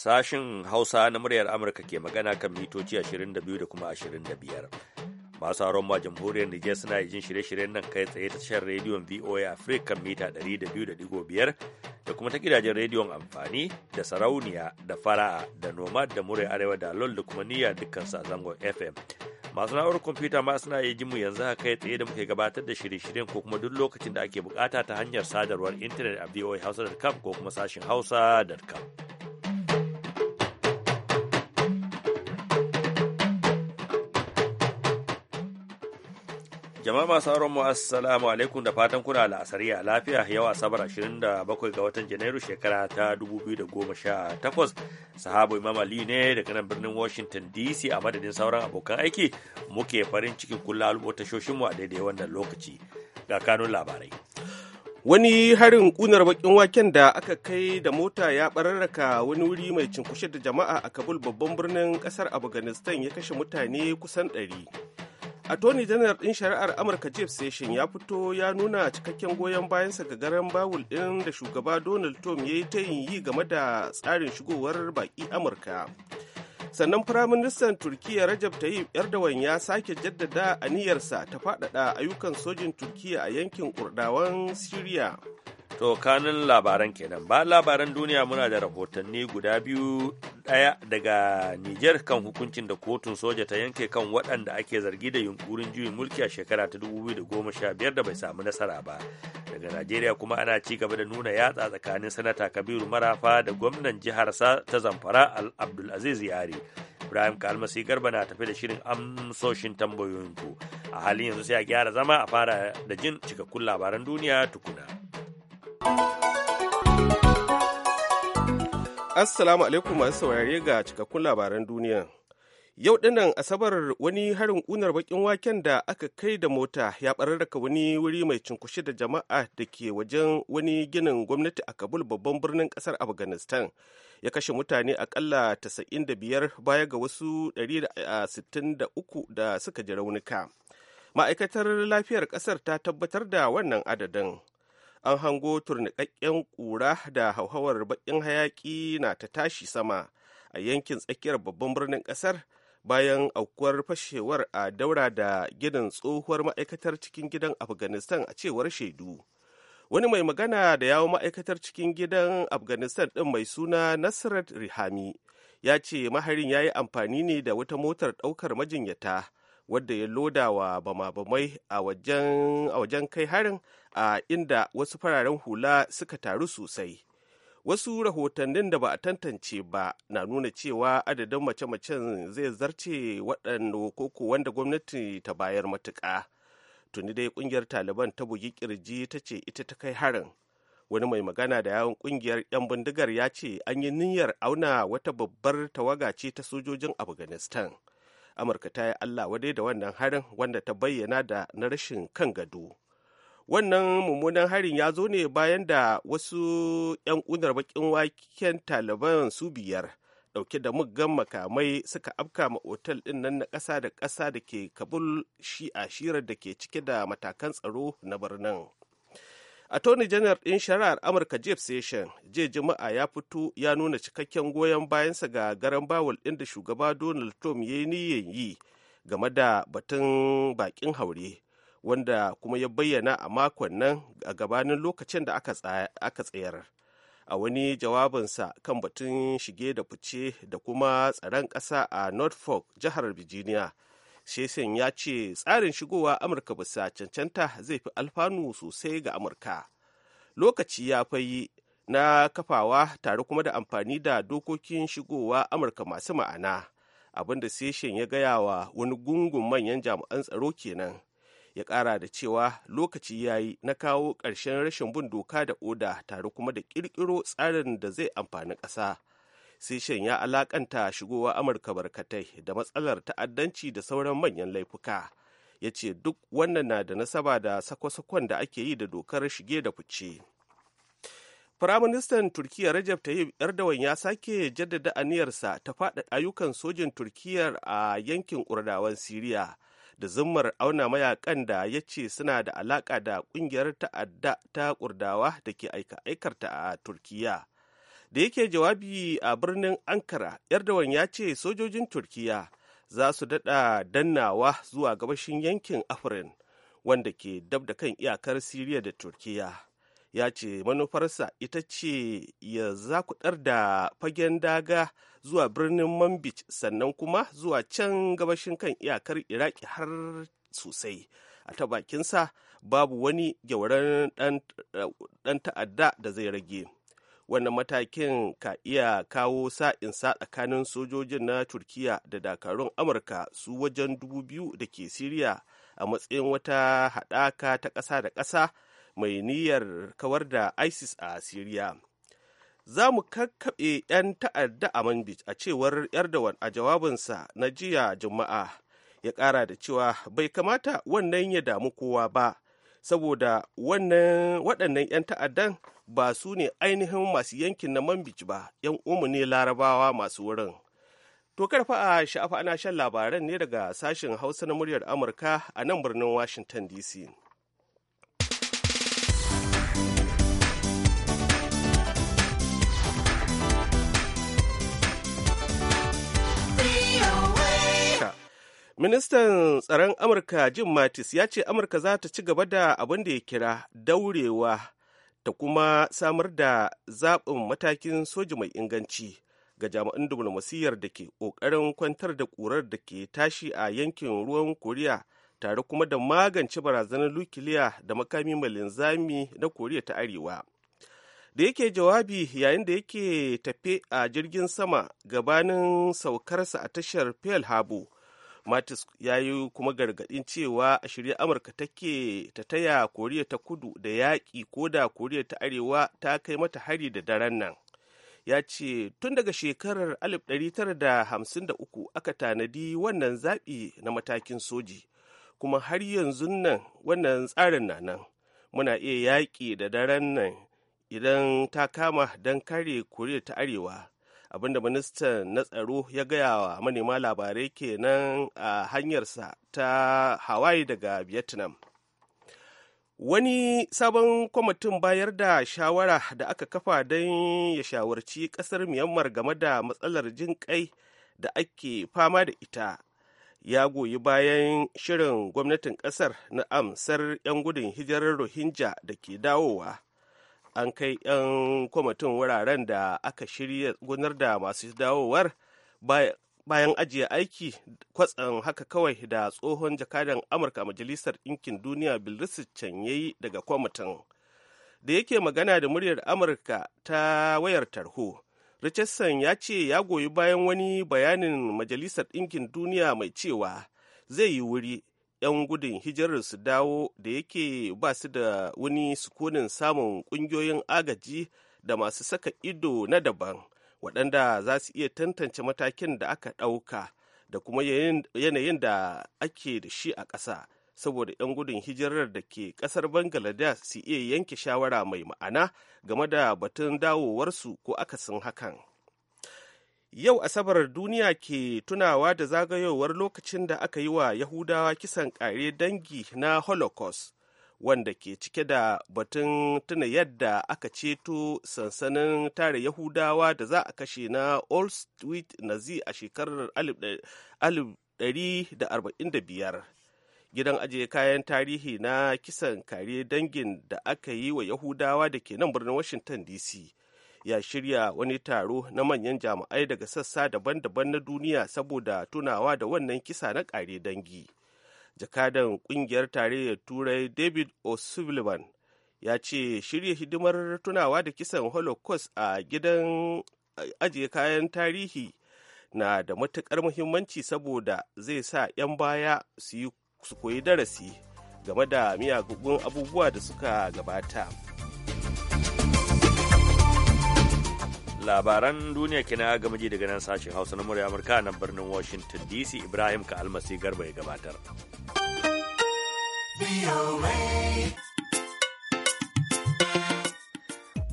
Sashin Hausa na muryar Amurka ke magana kan mitoci 22 da kuma 25. Masu haron ma jamhuriyar Nijar suna jin shirye-shiryen nan kai tsaye ta tashar rediyon VOA Africa kan mita 200.5 da kuma ta gidajen rediyon amfani da sarauniya da fara'a da nomad da muryar arewa da lol da kuma niyya dukkan sa zangon FM. masu na'urar kwamfuta ma suna iya mu yanzu haka kai tsaye da muke gabatar da shirye-shiryen ko kuma duk lokacin da ake bukata ta hanyar sadarwar intanet a VOA Hausa.com ko kuma sashin hausa.com. Jama'a masu sauran mu assalamu alaikum da fatan kuna la'asari a lafiya yau asabar 27 ga watan Janairu shekara ta 2018 sahabu Imam Ali ne daga nan birnin Washington DC a madadin sauran abokan aiki muke farin cikin kula tashoshin mu a daidai wannan lokaci ga kanun labarai. Wani harin kunar bakin waken da aka kai da mota ya bararraka wani wuri mai cinkushe da jama'a a Kabul babban birnin kasar Afghanistan ya kashe mutane kusan 100. attorney general din shari'ar amurka jeff session ya fito ya nuna cikakken goyon bayansa ga garan bawul ɗin da shugaba donald trump ya yi ta yi game da tsarin shigowar baki amurka sannan firaministan turkiya rajab tayyip erdogan ya sake jaddada aniyarsa ta faɗaɗa ayyukan sojin turkiya a yankin kurdawan syria To kanin labaran kenan ba labaran duniya muna da rahotanni guda biyu daya daga Nijar kan hukuncin da kotun soja ta yanke kan waɗanda ake zargi da yunkurin juyin mulki a shekara ta 2015 da bai samu nasara ba. Daga Najeriya kuma ana ci gaba da nuna yatsa tsakanin sanata Kabiru Marafa da gwamnan jiharsa ta Zamfara Abdulaziz Yari. Ibrahim Kalmasi Garba na tafi da shirin amsoshin tambayoyinku. A halin yanzu sai a gyara zama a fara da jin cikakkun labaran duniya tukuna. Assalamu alaikum masu saurare ga cikakkun labaran duniya. Yau dinnan Asabar wani harin ƙunar bakin waken da aka kai da mota ya ɓararraka wani wuri mai cunkushe da jama'a da ke wajen wani ginin gwamnati a Kabul babban birnin ƙasar Afghanistan. Ya kashe mutane aƙalla biyar baya ga wasu 163 da suka ji raunuka. Ma'aikatar lafiyar ƙasar ta tabbatar da wannan adadin. an hango turnikakken ƙura da hauhawar baƙin hayaƙi na ta tashi sama a yankin tsakiyar babban birnin ƙasar bayan aukuwar fashewar a daura da gidan tsohuwar ma'aikatar cikin gidan afghanistan a cewar shaidu wani mai magana da yawon ma'aikatar cikin gidan afghanistan ɗin mai suna nasrat rihami ya ce maharin ya yi amfani ne da wata motar ɗaukar majinyata wadda ya loda wa bama a wajen kai harin a inda wasu fararen hula suka taru sosai wasu rahotannin da ba a tantance ba na nuna cewa adadin mace-macen zai zarce waɗanda koko wanda gwamnati ta bayar matuƙa tuni dai ƙungiyar taliban ta bugi kirji ta ce ita ta kai harin wani mai magana da yawon ƙungiyar 'yan bindigar ya ce an yi niyyar auna wata babbar tawaga ce ta sojojin afghanistan amurka ta yi allah wadai da wannan harin wanda ta bayyana da na rashin kan gado wannan mummunan harin ya zo ne bayan da wasu 'yan unar bakin waken taliban su biyar dauke da muggan makamai suka afka ma otal din nan na kasa da kasa da ke kabul shi a shirar da ke cike da matakan tsaro na birnin attorney janar ɗin shari'ar amurka jeff session jiya juma'a ya fito ya nuna cikakken goyon bayansa ga garan bawul ɗin da shugaba donald trump ya yi niyyar yi game da batun bakin haure wanda kuma ya bayyana a makon nan a gabanin lokacin da aka tsayar a wani jawabinsa kan batun shige da fice da kuma tsaron ƙasa a norfolk jihar virginia Shesin ya ce tsarin shigowa Amurka bisa cancanta zai fi alfanu sosai ga Amurka. Lokaci ya fayi na kafawa tare kuma da amfani da dokokin shigowa Amurka masu ma'ana. abinda seshen ya gaya wa wani gungun manyan jami'an tsaro kenan. Ya ƙara da cewa lokaci ya yi na kawo ƙarshen rashin bin doka da oda tare kuma da ƙirƙiro tsarin da zai amfani ƙasa. session ya alakanta shigowa amurka barkatai da matsalar ta'addanci da sauran manyan laifuka ya ce duk wannan na da nasaba da sakwasakon da ake yi da dokar shige da fice Firaministan Turkiyya Recep Tayyip Erdogan ya sake jaddada aniyarsa ta faɗa ayyukan sojin Turkiyya a yankin Kurdawan Siriya da zummar auna mayakan da ya ce suna da alaƙa da ƙungiyar ta'adda ta Kurdawa da ke aika aikarta a Turkiyya. da yake jawabi a birnin ankara erdogan ya ce sojojin turkiya za su daɗa dannawa zuwa gabashin yankin afirin wanda ke dab da kan iyakar siriya da turkiya ya ce manufarsa ita ce ya zakudar da fagen daga zuwa birnin manbij sannan kuma zuwa can gabashin kan iyakar iraki har sosai a ta bakinsa babu wani gyauran dan ta'adda da zai rage wannan matakin ka iya kawo sa'insa tsakanin sojojin na turkiya da dakarun amurka su wajen dubu biyu da ke siriya a matsayin wata haɗaka ta ƙasa da ƙasa mai niyyar kawar da isis a siriya za mu kakkaɓe 'yan ta'adda a manbij a cewar erdogan a jawabinsa na jiya juma'a ya ƙara da cewa bai kamata wannan ya damu kowa ba saboda waɗannan 'yan ta'addan ba su ne ainihin masu yankin na mambici ba 'yan umu ne larabawa masu wurin to karfa a sha'afa ana shan labaran ne daga sashen hausa na muryar amurka a nan birnin washington dc Ministan tsaron Amurka Jim Mattis ya ce Amurka za ta ci gaba da abin da ya kira daurewa ta kuma samar da zaɓin matakin soji mai inganci ga jami'an diflomasiyyar da ke ƙoƙarin kwantar da ƙurar da ke tashi a yankin ruwan Koriya tare kuma da magance barazanar nukiliya da makami mai linzami na Koriya ta Arewa. Da yake jawabi yayin da yake tafe a jirgin sama gabanin saukarsa a tashar Pearl Harbor matis ya yi kuma gargaɗin cewa a shirye amurka take ta taya koriya ta kudu da yaƙi ko da koriya ta arewa ta kai mata hari da daren nan ya ce tun daga shekarar 1953 aka tanadi wannan zaɓi na matakin soji kuma har yanzu nan wannan tsarin na nan muna iya yaƙi da daren nan idan ta kama don kare koriya ta arewa abinda ministan na tsaro ya gaya wa manema labarai kenan a hanyarsa ta hawaii daga vietnam wani sabon kwamitin bayar da shawara da aka kafa don ya shawarci kasar myanmar game da matsalar jin kai da ake fama da ita ya goyi bayan shirin gwamnatin kasar na amsar 'yan gudun hijirar rohingya da ke dawowa an kai 'yan kwamitin wuraren da aka shirya gunar da masu dawowar bayan ajiye aiki kwatsan haka kawai da tsohon jakadan amurka majalisar ɗinkin duniya bilrisu can yayi daga kwamitin da yake magana da muryar amurka ta wayar tarho richardson ya ce ya goyi bayan wani bayanin majalisar ɗinkin duniya mai cewa zai yi wuri 'yan gudun hijirar su dawo da yake ba su da wani sukunin samun ƙungiyoyin agaji da masu saka ido na daban waɗanda za su iya tantance matakin da aka ɗauka da kuma yanayin da ake da shi a ƙasa saboda 'yan gudun hijirar da ke ƙasar bangladesh su iya yanke shawara mai ma'ana game da batun dawowarsu ko akasin hakan. Yau Asabar duniya ke tunawa da zagayowar lokacin da aka yi wa Yahudawa kisan kare dangi na Holocaust, wanda ke cike da batun tuna yadda aka ceto sansanin tare Yahudawa da za a kashe na street Nazi a shekarar 1945. Gidan ajiye kayan tarihi na kisan kare dangin da aka yi wa Yahudawa da ke nan birnin Washington DC. ya shirya wani taro na manyan jami'ai daga sassa daban-daban na duniya saboda tunawa da wannan kisa na kare dangi jakadan ƙungiyar tarayyar turai david o'sullivan ya ce shirya hidimar tunawa da kisan holocaust a gidan ajiye kayan tarihi na da matuƙar muhimmanci saboda zai sa 'yan baya su koyi darasi game da miyagun abubuwa da suka gabata. labaran duniya kina ga gamaji daga nan sashen hausa na murya amurka na birnin washington dc ibrahim ka almasi garba ya gabatar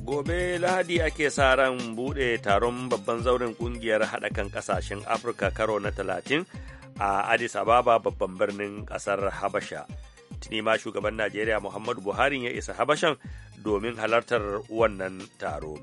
gobe lahadi ake sa ran bude taron babban zauren kungiyar haɗa kan ƙasashen afirka karo na 30 a addis ababa babban birnin ƙasar habasha tuni ma shugaban najeriya muhammadu buhari ya isa habashan domin halartar wannan taro.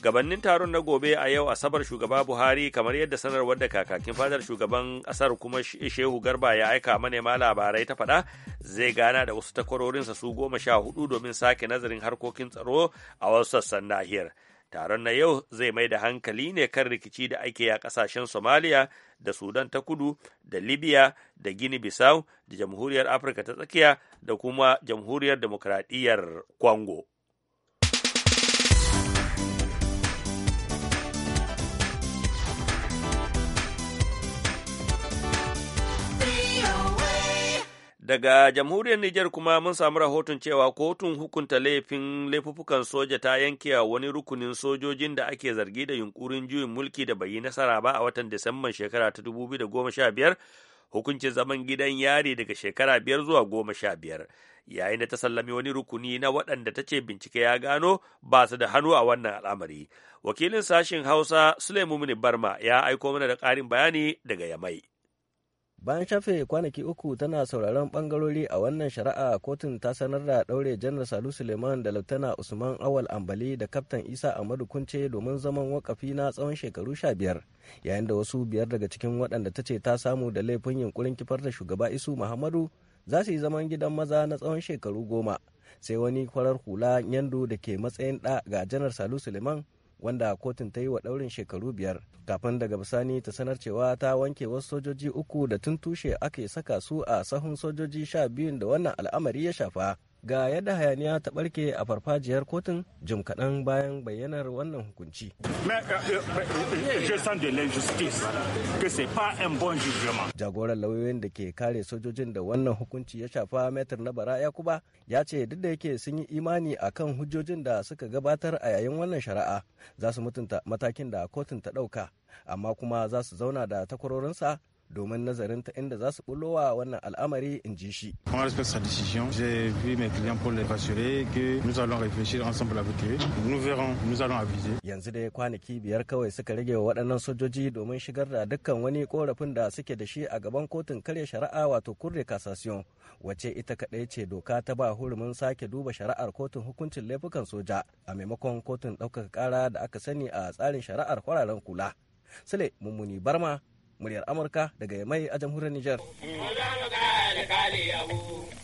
gabannin taron na gobe a yau asabar shugaba buhari kamar yadda sanarwar da kakakin fadar shugaban kasar kuma shehu garba ya aika manema labarai ta faɗa zai gana da wasu takwarorinsa su goma sha hudu domin sake nazarin harkokin tsaro a wasu sassan nahiyar taron na yau zai mai da hankali ne kan rikici da ake a kasashen somaliya da sudan ta kudu da libya da gini bisau da jamhuriyar afirka ta tsakiya da kuma jamhuriyar demokradiyyar kwango Daga jamhuriyar Nijar kuma mun samu rahoton cewa kotun hukunta laifin laifuffukan soja ta yanke wani rukunin sojojin da ake zargi da yunkurin juyin mulki da bai yi nasara ba a watan Disamban shekara ta 2015 hukuncin zaman gidan yari daga shekara biyar zuwa goma sha biyar. yayin da ta sallami wani rukuni na waɗanda ta ce bincike ya gano ba su da hannu a wannan al'amari. Wakilin sashen Hausa Suleiman Barma ya aiko mana da ƙarin bayani daga Yamai. bayan shafe kwanaki uku tana sauraron bangarori a wannan shari'a kotun ta sanar da daure janar salu suleiman da lautana usman awal ambali da kaftan isa amadu kunce domin zaman wakafi na tsawon shekaru sha biyar yayin da wasu biyar daga cikin waɗanda ta ce ta samu da laifin yunkurin kifar da shugaba isu muhammadu za su yi zaman gidan maza na tsawon shekaru goma sai wani kwarar hula yando da ke matsayin ɗa ga janar salu suleiman wanda kotun ta yi wa daurin shekaru biyar kafin daga bisani ta sanar cewa ta wanke wasu sojoji uku da tun tushe ake saka su a sahun sojoji sha biyun da wannan al'amari ya shafa ga yadda hayaniya ta barke a farfajiyar kotun jim kaɗan bayan bayyanar wannan hukunci. Euh, euh, euh, Jagoran lauyoyin da ke kare sojojin da wannan hukunci ya shafa metar na bara Yakuba ya ce duk da yake sun yi imani a kan hujjojin da suka gabatar a yayin wannan shari'a za su mutunta matakin da kotun ta ɗauka amma kuma za su zauna da takwarorinsa domin nazarin ta inda za su bullowa wannan al'amari in ji shi. sa decision, J'ai vu mes clients pour les rassurer que nous allons réfléchir ensemble avec eux. Nous verrons, nous allons aviser. Yanzu dai kwanaki biyar kawai suka rage wa waɗannan sojoji domin shigar da dukkan wani korafin da suke da shi a gaban kotun karya shari'a wato kurre kasasiyo wacce ita kaɗai ce doka ta ba hurumin sake duba shari'ar kotun hukuncin laifukan soja a maimakon kotun ɗaukaka ƙara da aka sani a tsarin shari'ar kwararen kula. Sule Mummuni Barma muryar amurka daga yamai a jamhuriyar niger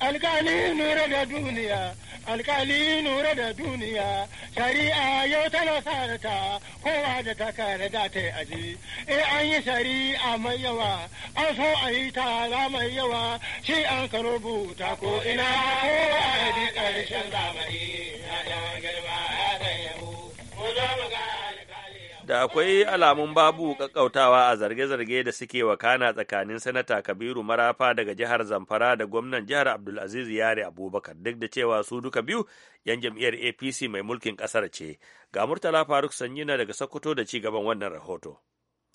alkali nura da duniya alkali nura da duniya shari'a yau tana sarata kowa da ta kare da ta aji eh an yi shari'a mai yawa an so a yi tara mai yawa shi an ka rubuta ko ina kowa ya ji ƙarshen zamani ya girma ya dan yabo ko za mu da akwai alamun babu kakkautawa a zarge-zarge da suke wakana tsakanin sanata kabiru marafa daga jihar zamfara da gwamnan jihar abdulaziz yare abubakar duk da cewa su duka biyu yan jam'iyyar apc mai mulkin kasar ce ga murtala faruk sanyina daga sokoto da ci gaban wannan rahoto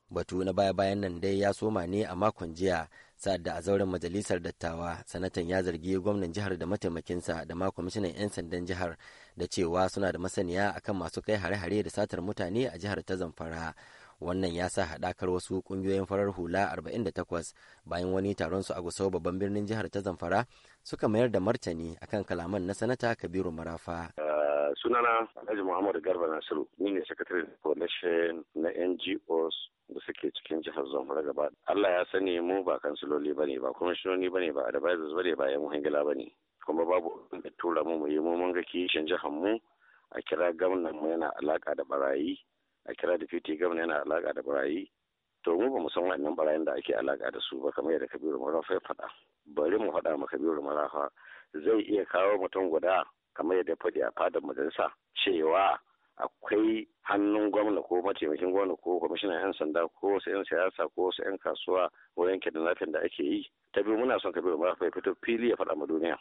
batu na baya-bayan nan dai ya soma ne a makon jiya sa'ad da a zauren majalisar dattawa sanatan ya zargi gwamnan jihar da mataimakinsa da ma kwamishinan 'yan sandan jihar da cewa suna da masaniya akan masu kai hare-hare da satar mutane a jihar ta zamfara wannan ya sa haɗakar wasu ƙungiyoyin farar hula 48 bayan wani taron su a gusau babban birnin jihar ta zamfara suka mayar da martani akan kalaman na sanata kabiru marafa eh, sunana alhaji muhammadu garba nasiru ni ne sakatare coalition na ngos da suke cikin jihar zamfara gaba allah ya sani mu ba kansiloli ba ne ba shinoni ba ne ba advisors ba ne ba yan wahangila ba ne kuma babu da tura mu yi mu mun ga kishin jihar mu a kira gwamnan mu yana alaka da barayi a kira deputy gwamna yana alaka da barayi to mu ba mu san wannan barayin da ake alaka da su ba kamar yadda Kabiru Marafa ya faɗa bari mu faɗa ma Kabiru Marafa zai iya kawo mutum guda kamar yadda faɗi a fadar majalisa cewa akwai hannun gwamna ko mataimakin gwamna ko kwamishinan 'yan sanda ko wasu 'yan siyasa ko wasu 'yan kasuwa ko yankin da da ake yi ta biyu muna son kabiru marafa ya fito fili ya faɗa ma duniya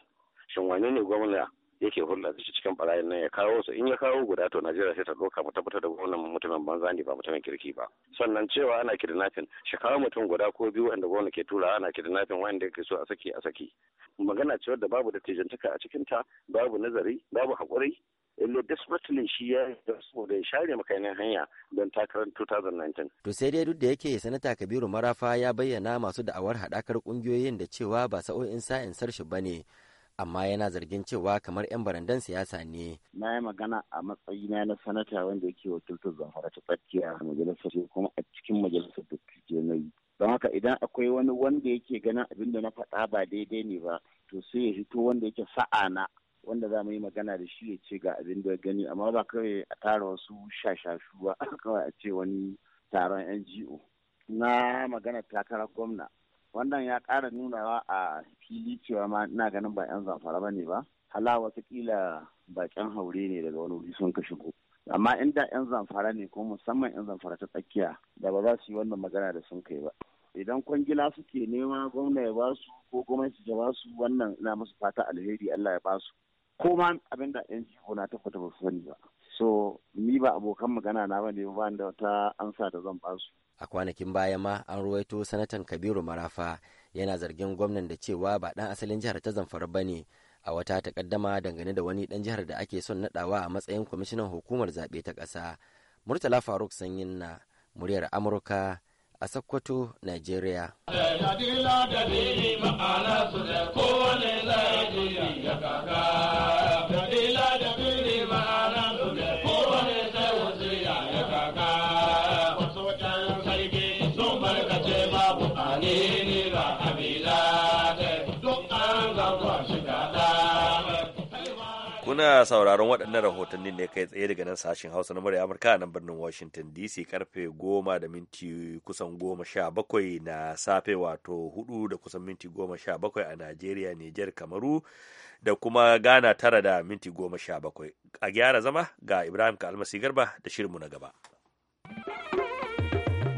shin wane ne gwamna yake hulɗa da shi cikin barayin nan ya kawo su in ya kawo guda to Najeriya sai ta doka mu tabbatar da gwamnan mutumin banza ne ba mutumin kirki ba sannan cewa ana kidnapping shi kawo mutum guda ko biyu wanda gwamna ke tura ana kidnapping wanda yake so a saki a saki magana cewa da babu da tijantaka a cikin ta babu nazari babu haƙuri illa desperately shi ya saboda ya share makainin hanya don takarar 2019. To sai dai duk da yake sanata Kabiru Marafa ya bayyana masu da'awar haɗakar kungiyoyin da cewa ba sa'o'in sa'in sarshi ba ne amma yana zargin cewa kamar 'yan barandan siyasa ne. Na yi magana a matsayina na sanata wanda yake wakiltar zamfara ta tsakiya a majalisar kuma a cikin majalisar dattijai na yi. Don haka idan akwai wani wanda yake ganin abinda na faɗa ba daidai ne ba to sai ya fito wanda yake sa'a na wanda za mu yi magana da shi ya ce ga abin da gani amma ba kawai a tara wasu shashashu ba kawai a ce wani taron NGO. Na magana takarar gwamna wannan ya ƙara nunawa a fili cewa ma ina ganin ba 'yan zamfara ba ne ba hala watakila baƙin haure ne daga wani wuri sun ka shigo amma inda 'yan zamfara ne ko musamman 'yan zamfara ta tsakiya da ba za su yi wannan magana da sun kai ba idan kwangila suke nema gwamna ya basu ko gwamnati ji basu wannan ina musu fata alheri Allah ya basu ko ma abin da yan jiho na tabbata ba su sani ba so ni ba abokan magana na ba ne ba da wata amsa da zan basu a kwanakin baya ma an ruwaito sanatan kabiru marafa yana zargin gwamnan da cewa ba ɗan asalin jihar ta zamfara ba ne a wata takaddama dangane da wani ɗan jihar da ake son naɗawa a matsayin kwamishinan hukumar zaɓe ta ƙasa murtala faruk sanyin na muryar amurka a Sokoto, Nigeria. suna sauraron waɗannan rahotannin ne kai tsaye daga nan sashen hausa na murya amurka nan birnin washington dc karfe goma da minti kusan goma sha bakwai na safe wato hudu da kusan minti goma sha bakwai a najeriya niger kamaru da kuma ghana tara da minti goma sha bakwai a gyara zama ga ibrahim kalmasi garba da shirin mu na gaba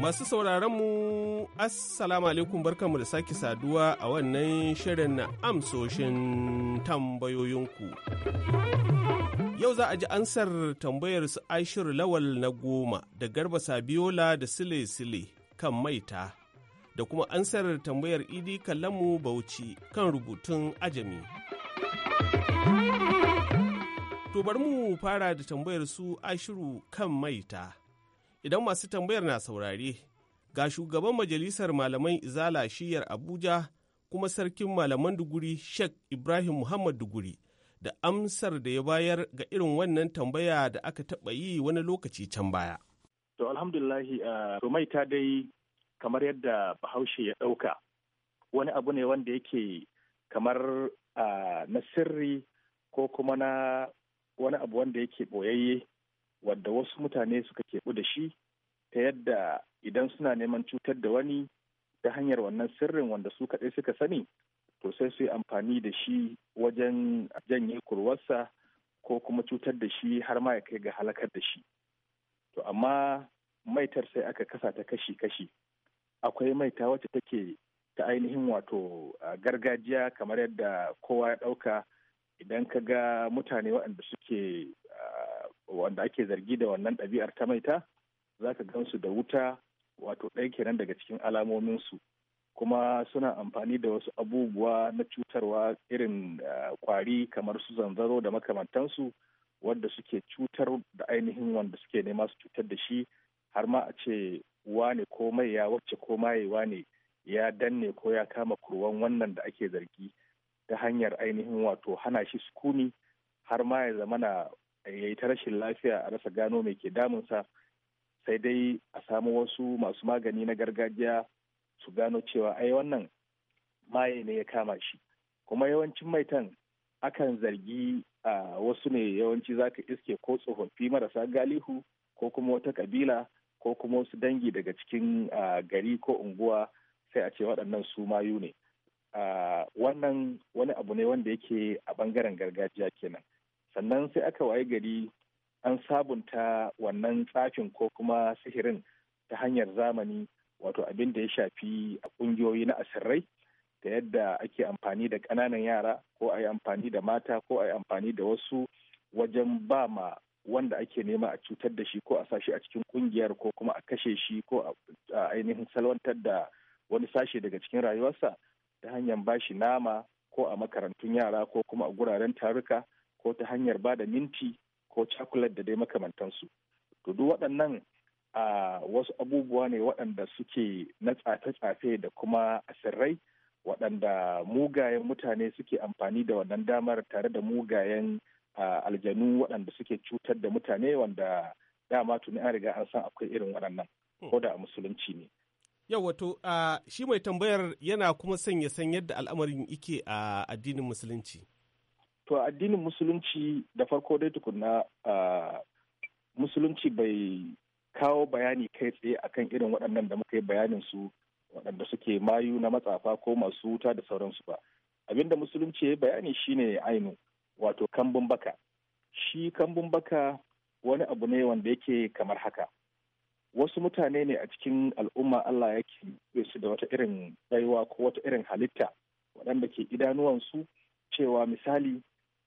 Masu mu Assalamu alaikum barkanmu da sake saduwa a wannan shirin na amsoshin tambayoyinku. Yau za a ji ansar tambayar su Aishir Lawal na goma da Garba Sabiola da Sile Sile kan maita da kuma ansar tambayar Idi Kallamu Bauchi kan rubutun ajami. To bari mu fara da tambayar su Ashiru kan maita. idan masu tambayar na saurare ga shugaban majalisar malaman izala shiyar abuja kuma sarkin malaman duguri sheikh ibrahim muhammad duguri da amsar da ya bayar ga irin wannan tambaya da aka taɓa yi wani lokaci can baya. To alhamdulahi rumaita uh, dai kamar yadda bahaushe ya ɗauka wani abu ne wanda yake kamar uh, na sirri ko kuma na wani abu wanda yake ɓoyayye wadda wasu mutane suka keɓu da shi ta yadda idan suna neman cutar da wani ta hanyar wannan sirrin wanda su kaɗai suka sani to sai su yi amfani da shi wajen janye kurwarsa ko kuma cutar da shi har ma ya kai ga halakar da shi to amma maitar sai aka kasa ta kashi-kashi akwai maita wacce take ta ainihin wato gargajiya kamar yadda kowa ya ɗauka idan ka ga mutane waɗanda suke wanda ake zargi da wannan ɗabi'ar ta maita za ka gansu da wuta wato ɗaya kenan daga cikin alamominsu kuma suna amfani da wasu abubuwa na cutarwa irin eh, kwari kamar su zanzaro da makamantansu wadda suke cutar da ainihin wanda suke nema su cutar da shi har ma a ce wane ko mai ya wacce ko mayewa ne ya danne ko ya kama kurwan wannan da ake zargi ta hanyar ainihin wato hana shi sukuni har ma ya zamana ya yi ta rashin lafiya a rasa gano mai ke damunsa sai dai a samu wasu masu magani na gargajiya su gano cewa ai wannan maye ne ya kama shi kuma yawancin maitan akan zargi a wasu ne yawanci za ka iske ko tsofaffi marasa galihu ko kuma wata kabila ko kuma wasu dangi daga cikin gari ko unguwa sai a ce waɗannan su mayu ne wannan wani abu ne wanda yake a ɓangaren gargajiya kenan sannan sai aka waye gari an sabunta wannan tsafin ko kuma sihirin ta hanyar zamani wato abin da ya shafi a ƙungiyoyi na asirrai da yadda ake amfani da ƙananan yara ko a yi amfani da mata ko a yi amfani da wasu wajen ba ma wanda ake nema a cutar da shi ko a sashi a cikin kungiyar ko kuma a kashe shi ko a ainihin salwantar da wani sashe daga cikin rayuwarsa ta hanyar bashi nama ko a makarantun yara ko kuma a guraren taruka ko ta hanyar ba da minti ko cakulat da dai makamantansu to duk waɗannan a wasu abubuwa ne waɗanda suke na tsafe-tsafe da kuma asirrai waɗanda mugayen mutane suke amfani da wannan damar tare da mugayen aljanu waɗanda suke cutar da mutane wanda dama tuni an riga an san akwai irin waɗannan ko da musulunci ne. Yau wato shi mai tambayar yana kuma sanya san yadda al'amarin ike a addinin musulunci. To addinin musulunci da farko dai tukunna musulunci bai kawo bayani kai tsaye akan irin waɗannan da muka yi bayanin su waɗanda suke mayu na matsafa ko masu wuta da sauransu ba. abin da musulunci ya bayani shine ainu wato kambun baka. Shi kambun baka wani abu ne wanda yake kamar haka. Wasu mutane ne a cikin al'umma Allah ya su da wata irin baiwa ko wata irin halitta waɗanda ke idanuwansu cewa misali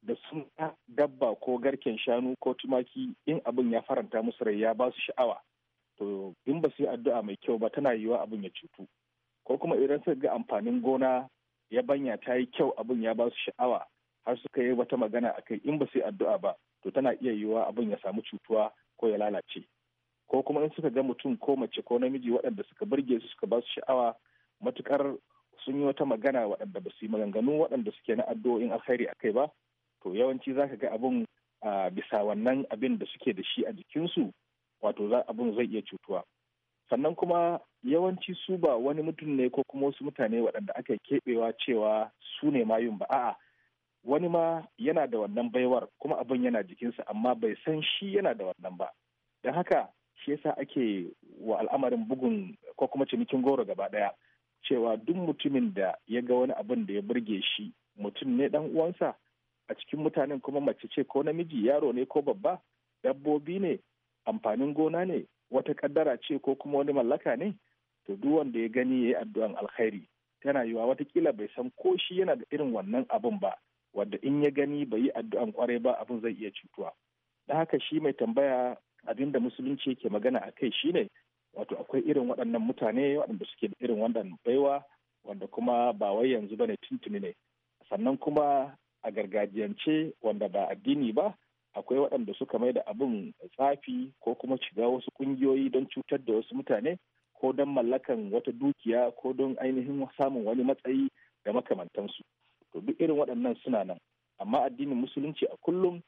da sun dabba ko garken shanu ko tumaki in abin ya faranta musu rai ya ba su sha'awa to in ba su yi addu'a mai kyau ba tana yiwuwa abin ya cutu ko kuma idan suka ga amfanin gona ya banya ta yi kyau abin ya ba su sha'awa har suka yi wata magana a kai in ba su yi addu'a ba to tana iya yiwuwa abin ya samu cutuwa ko ya lalace ko kuma in suka ga mutum ko mace ko namiji waɗanda suka burge su suka ba su sha'awa matukar sun yi wata magana waɗanda ba su yi maganganu waɗanda suke na addu'o'in alkhairi a kai ba to yawanci za ka ga abin bisa wannan abin da suke da shi a jikinsu wato za abin zai iya cutuwa sannan kuma yawanci su ba wani mutum ne ko kuma wasu mutane waɗanda aka keɓewa cewa su ne mayun ba a'a wani ma yana da wannan baiwar kuma abin yana jikinsa amma bai san shi yana da wannan ba don haka shi yasa ake wa al'amarin bugun ko kuma cinikin goro gaba ɗaya cewa duk mutumin da ya ga wani abin da ya burge shi mutum ne dan uwansa a cikin mutanen kuma mace ce ko namiji yaro ne ko babba dabbobi ne amfanin gona ne wata kaddara ce ko kuma wani mallaka ne to duk wanda ya gani ya yi addu'an alkhairi tana yiwa watakila bai san ko shi yana da irin wannan abin ba wadda in ya gani bai yi addu'an kwarai ba abin zai iya cutuwa da haka shi mai tambaya abin da musulunci yake magana a kai shine wato akwai irin waɗannan mutane waɗanda suke da irin wannan baiwa wanda kuma ba wai yanzu bane tuntuni ne sannan kuma a gargajiyance wanda ba addini ba akwai waɗanda suka mai da abin tsafi ko kuma shiga wasu ƙungiyoyi don cutar da wasu mutane ko don mallakan wata dukiya ko don ainihin samun wani matsayi da makamantansu to duk irin waɗannan suna nan amma addinin musulunci a kullum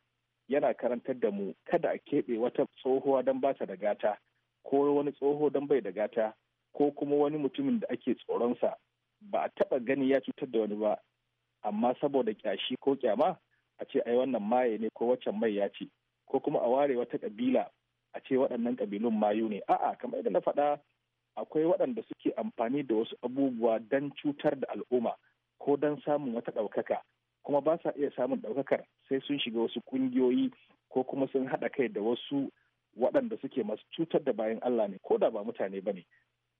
yana karantar da mu kada a keɓe wata tsohuwa don ba da gata ko wani tsoho don bai da gata ko kuma wani mutumin da ake tsoronsa ba a taɓa gani ya cutar da wani ba amma saboda kyashi ko kyama a ce ai wannan maye ne ko waccan mai ya ce ko kuma a ware wata kabila a ce waɗannan kabilun mayu ne a'a kamar yadda na faɗa akwai waɗanda suke amfani da wasu abubuwa don cutar da al'umma ko don samun wata ɗaukaka kuma ba sa iya samun ɗaukakar sai sun shiga wasu ƙungiyoyi ko kuma sun haɗa kai da wasu waɗanda suke masu cutar da bayan Allah ne ko da ba mutane ba ne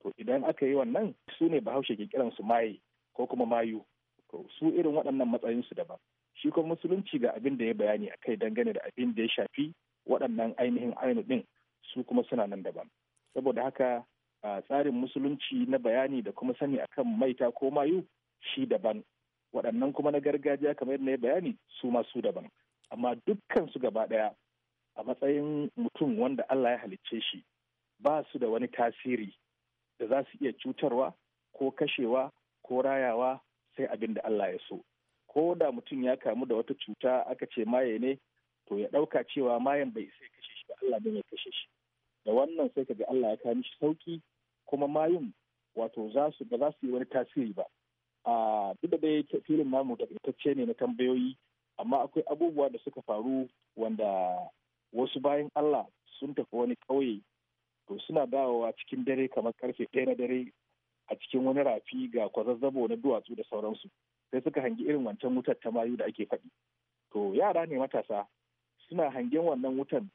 to idan aka yi wannan su ne bahaushe ke kiransu maye ko kuma mayu su irin waɗannan matsayin su daban shi kuma musulunci ga abin da ya bayani a kai dangane da abin da ya shafi waɗannan ainihin ainu ɗin su kuma suna nan daban saboda haka tsarin musulunci na bayani da kuma sani akan maita ko mayu shi daban waɗannan kuma na gargajiya kamar yadda ya bayani su ma su daban amma dukkan su gaba ɗaya a matsayin mutum wanda Allah ya halicce shi ba su da wani tasiri da za su iya cutarwa ko kashewa ko rayawa sai abin da Allah ya so ko da mutum ya kamu da wata cuta aka ce maye ne to ya ɗauka cewa mayan bai sai kashe shi ba Allah ne ya kashe shi da wannan sai ka ga Allah ya kawo mishi sauki kuma mayun wato za su ba za su yi wani tasiri ba a duk da dai filin namu takaitacce ne na tambayoyi amma akwai abubuwa da suka faru wanda wasu bayan Allah sun tafi wani ƙauye to suna dawowa cikin dare kamar karfe ɗaya na dare a cikin wani rafi ga kwazazzabo na duwatsu da sauransu sai suka hangi irin wancan wutar ta mayu da ake faɗi to yara ne matasa suna hangen wannan wutan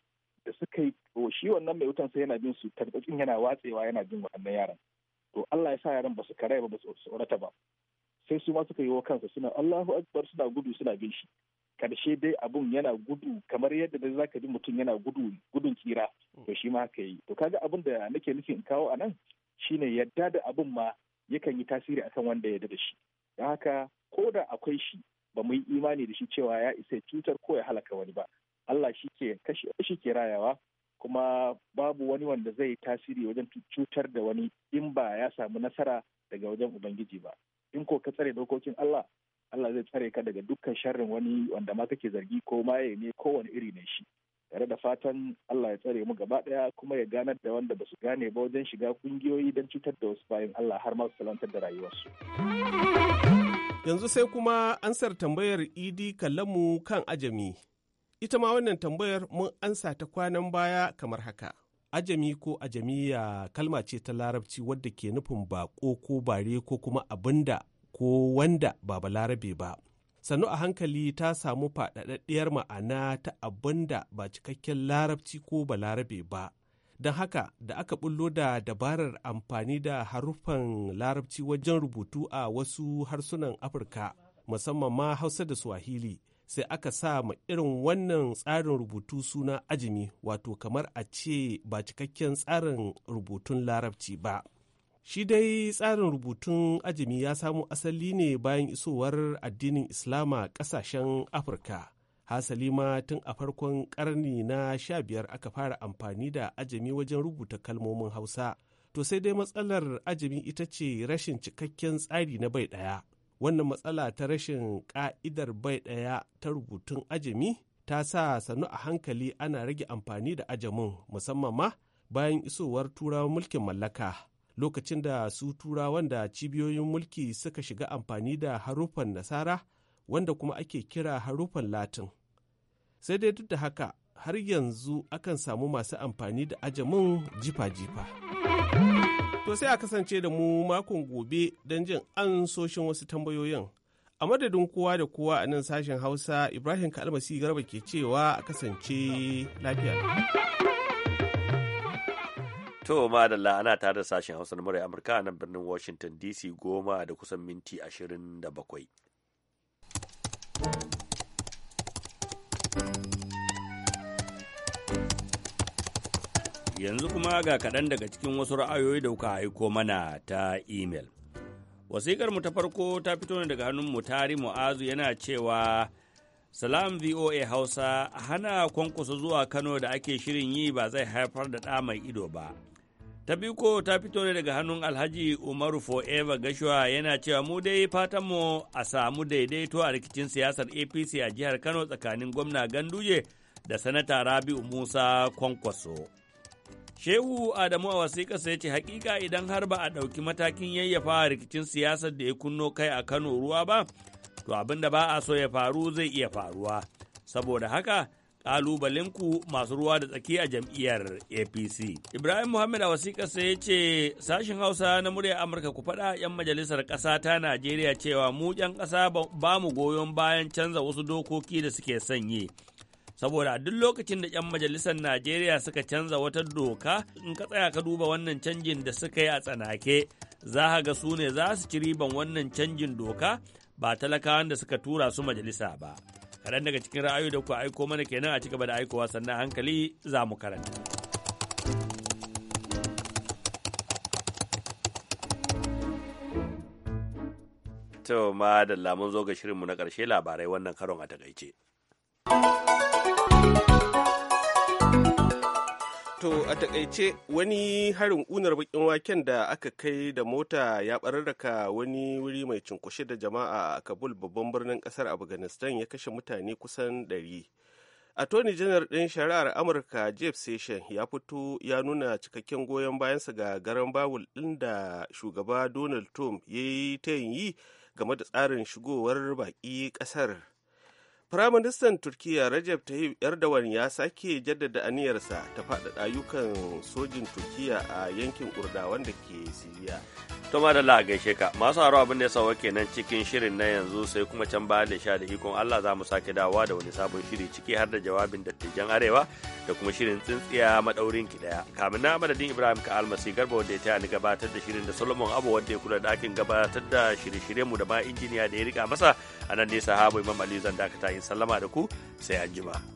da suka yi to shi wannan mai wutan sai yana bin su tarbatsin yana watsewa yana bin wannan yaran to Allah ya sa yaran ba su karai ba ba su tsorata ba sai su ma suka yi wa kansa suna Allahu akbar suna gudu suna bin shi karshe dai abun yana gudu kamar yadda dai zaka ji mutum yana gudu gudun tsira to shi ma haka yi to kaga abun da nake nufin kawo a nan shine yadda da abin ma yakan yi tasiri akan wanda ya da shi don haka ko da akwai shi ba mu yi imani da shi cewa ya isa cutar ko ya halaka wani ba Allah shi ke kashe shi ke rayawa kuma babu wani wanda zai yi tasiri wajen cutar da wani in ba ya samu nasara daga wajen ubangiji ba in ko ka tsare dokokin Allah Allah zai tsare ka daga dukkan sharrin wani wanda ma kake zargi ko maye ne kowane iri ne shi tare da fatan Allah ya tsare mu gaba daya kuma ya ganar da wanda ba su gane ba wajen shiga kungiyoyi don cutar da wasu bayan Allah har ma su salantar da rayuwarsu. Yanzu sai kuma ansar tambayar Idi Kallamu kan ajami. Ita ma wannan tambayar mun ansa ta kwanan baya kamar haka. Ajami ko ajamiya kalma ce ta larabci wadda ke nufin baƙo ko bare ko kuma abinda ko wanda ba ba Larabe ba. sannu a hankali ta samu faɗaɗaɗɗiyar ma'ana ta abin da ba cikakken larabci ko balarabe ba don haka da aka bullo da dabarar amfani da haruffan larabci wajen rubutu a wasu harsunan afirka musamman ma hausa da swahili sai aka sa ma irin wannan tsarin rubutu suna ajimi wato kamar a ce ba cikakken tsarin rubutun larabci ba Shi dai tsarin rubutun ajami ya samo asali ne bayan isowar addinin Islama ƙasashen Afirka. Hasali ma tun a farkon ƙarni na sha biyar aka fara amfani da ajami wajen rubuta kalmomin Hausa. To sai dai matsalar ajami ita ce rashin cikakken tsari na bai ɗaya. Wannan matsala ta rashin ƙa'idar bai ɗaya ta rubutun ajami ta sa sannu a hankali ana rage amfani da ajamin musamman ma bayan isowar turawan mulkin mallaka. lokacin da su tura wanda cibiyoyin mulki suka shiga amfani da haruffan nasara wanda kuma ake kira harufan latin sai dai duk da haka har yanzu akan samu masu amfani da ajamin jifa-jifa to sai a kasance da mu makon gobe don jin an soshin wasu tambayoyin a madadin kowa da kowa a nan sashen hausa ibrahim kalmasi garba ke cewa a kasance lafiya To madalla ana tare da sashen Hausa na murai Amurka a nan birnin Washington DC goma da kusan minti ashirin da bakwai. Yanzu kuma ga kaɗan daga cikin wasu ra'ayoyi da kuka aiko mana ta imel. Wasiƙar mu ta farko ta fito ne daga hannun mutari mu'azu yana cewa Salam VOA Hausa hana kwankwaso zuwa Kano da ake shirin yi ba zai haifar da ɗa mai ido ba. ta biko ta fito ne daga hannun alhaji umaru forever gashuwa yana cewa mu dai fatanmu a samu daidaito a rikicin siyasar apc a jihar kano tsakanin gwamna ganduje da sanata rabi'u musa kwankwaso shehu adamu a wasiƙa sai ce hakika idan har ba a ɗauki matakin yayyafa rikicin siyasar da ya kunno kai a kano ruwa ba to abin da ba a so ya faru zai iya faruwa saboda haka kalubalenku masu ruwa da tsaki a jam'iyyar apc ibrahim muhammad a sa ya ce sashen hausa na muryar amurka ku faɗa 'yan majalisar ƙasa ta najeriya cewa mu 'yan ƙasa ba mu goyon bayan canza wasu dokoki da suke sanye saboda a duk lokacin da 'yan majalisar najeriya suka canza wata doka in ka tsaya ka duba wannan canjin da suka yi a tsanake za ka ga su ne za su ci riban wannan canjin doka ba talakawan da suka tura su majalisa ba kaɗan daga cikin ra'ayoyi da ku aiko mana kenan a cigaba da aikowa sannan hankali za mu karanta. To ma da lamun zo ga shirinmu na ƙarshe labarai wannan karon a takaice. To a takaice wani harin unar bakin waken da aka kai da mota ya bararraka wani wuri mai cunkushe da jama'a a Kabul babban birnin kasar Afghanistan ya kashe mutane kusan ɗari. Attorney General ɗin shari'ar Amurka Jeff session ya fito ya nuna cikakken goyon bayansa ga garan bawul ɗin da shugaba Donald Trump ya yi ta yi game da tsarin shigowar baki kasar. Firaministan Turkiyya Rajab Tayyip Erdogan ya sake jaddada aniyarsa ta faɗaɗa ayyukan sojin Turkiyya a yankin Kurdawan da ke Siriya. to da la gaishe ka masu haro abin da ya sawa kenan cikin shirin na yanzu sai kuma can bayan da sha da ikon Allah za mu sake dawowa da wani sabon shiri ciki har da jawabin dattijan arewa da kuma shirin tsintsiya madaurin ki daya kamin na madadin Ibrahim ka almasi garba wanda ya taya ni gabatar da shirin da Solomon Abu wanda ya kula da ɗakin gabatar da shirye-shiryen mu da ma injiniya da ya rika masa a nan ne sahabo Imam Ali zan dakata in sallama da ku sai anjima.